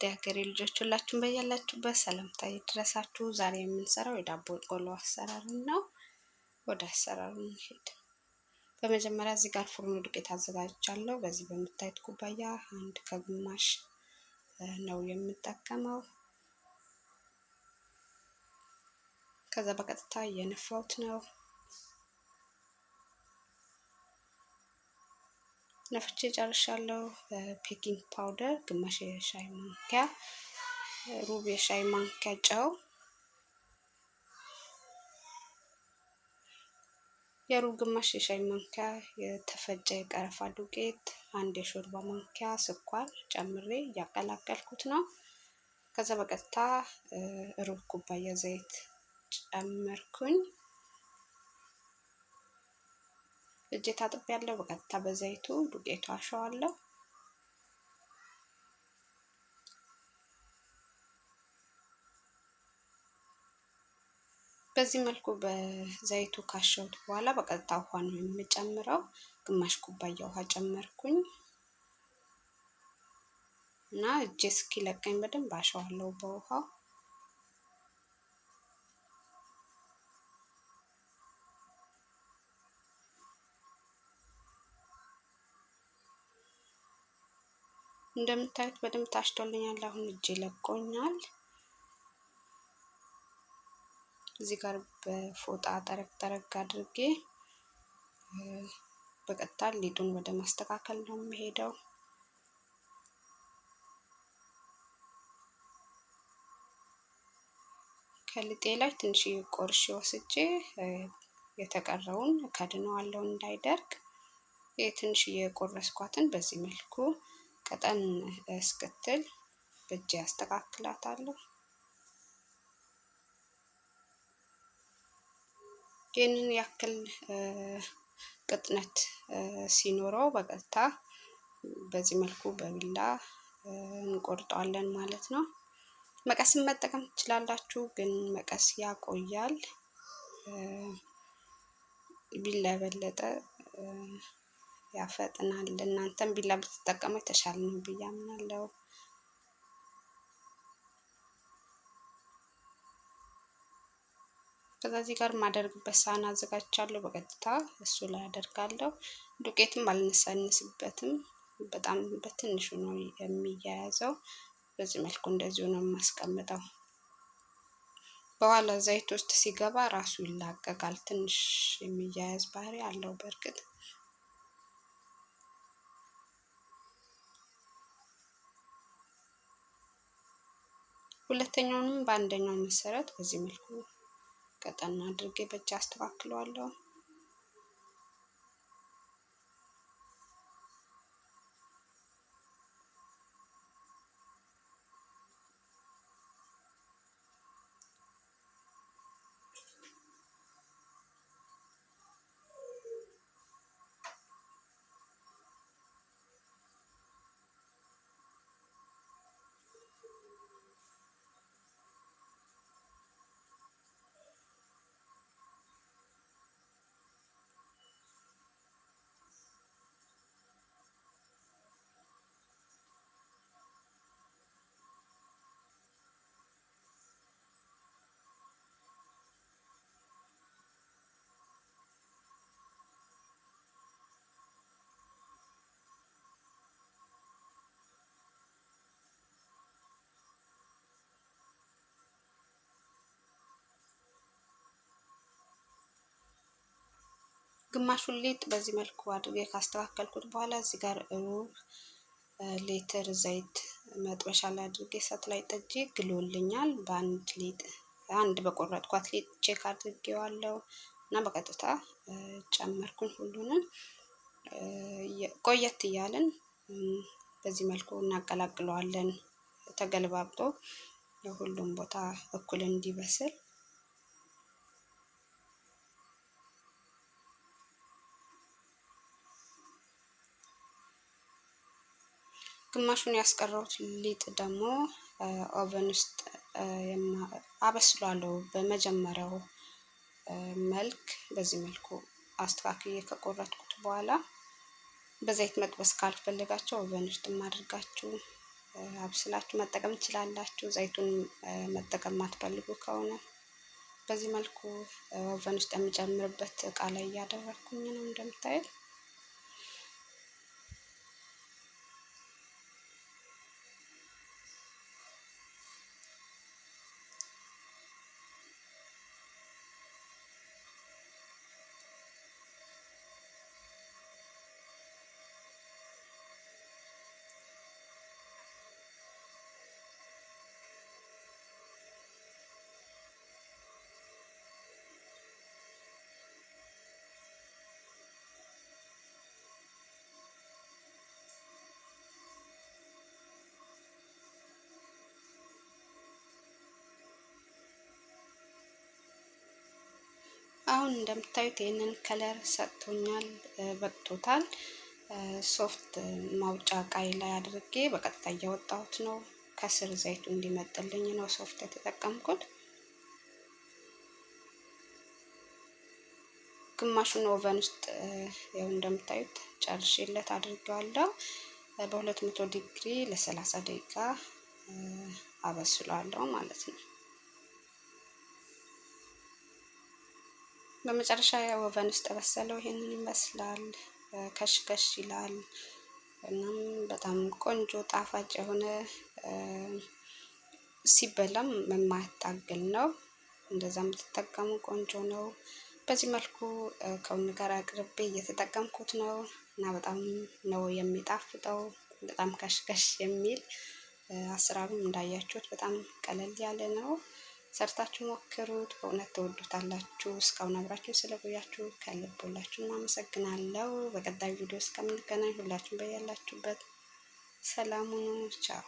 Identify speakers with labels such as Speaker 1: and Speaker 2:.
Speaker 1: ውድ የሀገሬ ልጆች ሁላችሁም በያላችሁበት ሰላምታ ይድረሳችሁ። ዛሬ የምንሰራው የዳቦ ቆሎ አሰራር ነው። ወደ አሰራሩ እንሄድ። በመጀመሪያ እዚህ ጋር ፉርኖ ዱቄት አዘጋጅቻለሁ። በዚህ በምታዩት ኩባያ አንድ ከግማሽ ነው የምጠቀመው። ከዛ በቀጥታ እየነፋሁት ነው። ነፍቼ ጨርሻለሁ። ፔኪንግ ፓውደር ግማሽ የሻይ ማንኪያ፣ ሩብ የሻይ ማንኪያ ጨው፣ የሩብ ግማሽ የሻይ ማንኪያ የተፈጨ የቀረፋ ዱቄት፣ አንድ የሾርባ ማንኪያ ስኳር ጨምሬ እያቀላቀልኩት ነው። ከዛ በቀጥታ ሩብ ኩባያ ዘይት ጨመርኩኝ። እጄ ታጥቤ ያለው በቀጥታ በዘይቱ ዱቄቱ አሸዋለሁ። በዚህ መልኩ በዘይቱ ካሸሁት በኋላ በቀጥታ ውሃ ነው የምጨምረው። ግማሽ ኩባያ ውሃ ጨመርኩኝ እና እጄ እስኪለቀኝ በደንብ አሸዋለሁ በውሃው እንደምታዩት በደንብ ታሽቶልኛል። አሁን እጄ ለቆኛል። እዚህ ጋር በፎጣ ጠረግ ጠረግ አድርጌ በቀጥታ ሊጡን ወደ ማስተካከል ነው የሚሄደው። ከልጤ ላይ ትንሽ ቆርሼ ወስጄ የተቀረውን ከድነዋለሁ እንዳይደርግ ትንሽ የቆረስኳትን በዚህ መልኩ ቀጠን እስክትል በእጅ አስተካክላታለሁ። ይህንን ያክል ቅጥነት ሲኖረው በቀጥታ በዚህ መልኩ በቢላ እንቆርጠዋለን ማለት ነው። መቀስን መጠቀም ትችላላችሁ፣ ግን መቀስ ያቆያል። ቢላ የበለጠ ያፈጥናል። እናንተም ቢላ ብትጠቀሙ የተሻለ ነው ብዬ አምናለሁ። ከዚህ ጋር የማደርግበት ሳህን አዘጋጅቻለሁ። በቀጥታ እሱ ላይ አደርጋለሁ። ዱቄትም አልነሳንስበትም፣ በጣም በትንሹ ነው የሚያያዘው። በዚህ መልኩ እንደዚሁ ነው የማስቀምጠው። በኋላ ዘይት ውስጥ ሲገባ ራሱ ይላቀቃል። ትንሽ የሚያያዝ ባህሪ አለው በእርግጥ ሁለተኛውንም በአንደኛው መሰረት በዚህ መልኩ ቀጠን አድርጌ በእጅ አስተካክለዋለሁ። ግማሹን ሊጥ በዚህ መልኩ አድርጌ ካስተካከልኩት በኋላ እዚህ ጋር ሩብ ሊትር ዘይት መጥበሻ ላይ አድርጌ እሳት ላይ ጠጄ ግሎልኛል። በአንድ ሊጥ አንድ በቆረጥኳት ሊጥ ቼክ አድርጌዋለሁ እና በቀጥታ ጨመርኩኝ ሁሉንም። ቆየት እያልን በዚህ መልኩ እናቀላቅለዋለን ተገልባብጦ ሁሉም ቦታ እኩል እንዲበስል ግማሹን ያስቀረውት ሊጥ ደግሞ ኦቨን ውስጥ አበስሏለሁ። በመጀመሪያው መልክ በዚህ መልኩ አስተካክዬ ከቆረጥኩት በኋላ በዘይት መጥበስ ካልፈለጋችሁ ኦቨን ውስጥ ማድርጋችሁ አብስላችሁ መጠቀም ትችላላችሁ። ዘይቱን መጠቀም ማትፈልጉ ከሆነ በዚህ መልኩ ኦቨን ውስጥ የሚጨምርበት እቃ ላይ እያደረኩኝ ነው እንደምታዩት አሁን እንደምታዩት ይህንን ከለር ሰጥቶኛል፣ በቅቶታል። ሶፍት ማውጫ ቃይ ላይ አድርጌ በቀጥታ እያወጣሁት ነው። ከስር ዘይቱ እንዲመጥልኝ ነው ሶፍት የተጠቀምኩት። ግማሹን ኦቨን ውስጥ ያው እንደምታዩት ጨርሼለት አድርጌዋለሁ። በሁለት መቶ ዲግሪ ለሰላሳ ደቂቃ አበስሏለሁ ማለት ነው። በመጨረሻ ያው ኦቨን ውስጥ የበሰለው ይሄንን ይመስላል። ከሽ ከሽ ይላል። እናም በጣም ቆንጆ ጣፋጭ የሆነ ሲበላም የማያታግል ነው። እንደዛ የምትጠቀሙ ቆንጆ ነው። በዚህ መልኩ ከውን ጋር አቅርቤ እየተጠቀምኩት ነው እና በጣም ነው የሚጣፍጠው። በጣም ከሽከሽ የሚል አሰራሩም እንዳያችሁት በጣም ቀለል ያለ ነው። ሰርታችሁ ሞክሩት። በእውነት ተወዱታላችሁ። እስካሁን አብራችሁ ስለቆያችሁ ከልብ ሁላችሁም አመሰግናለሁ። በቀጣዩ ቪዲዮ እስከምንገናኝ ሁላችሁም በያላችሁበት ሰላሙኑ ቻው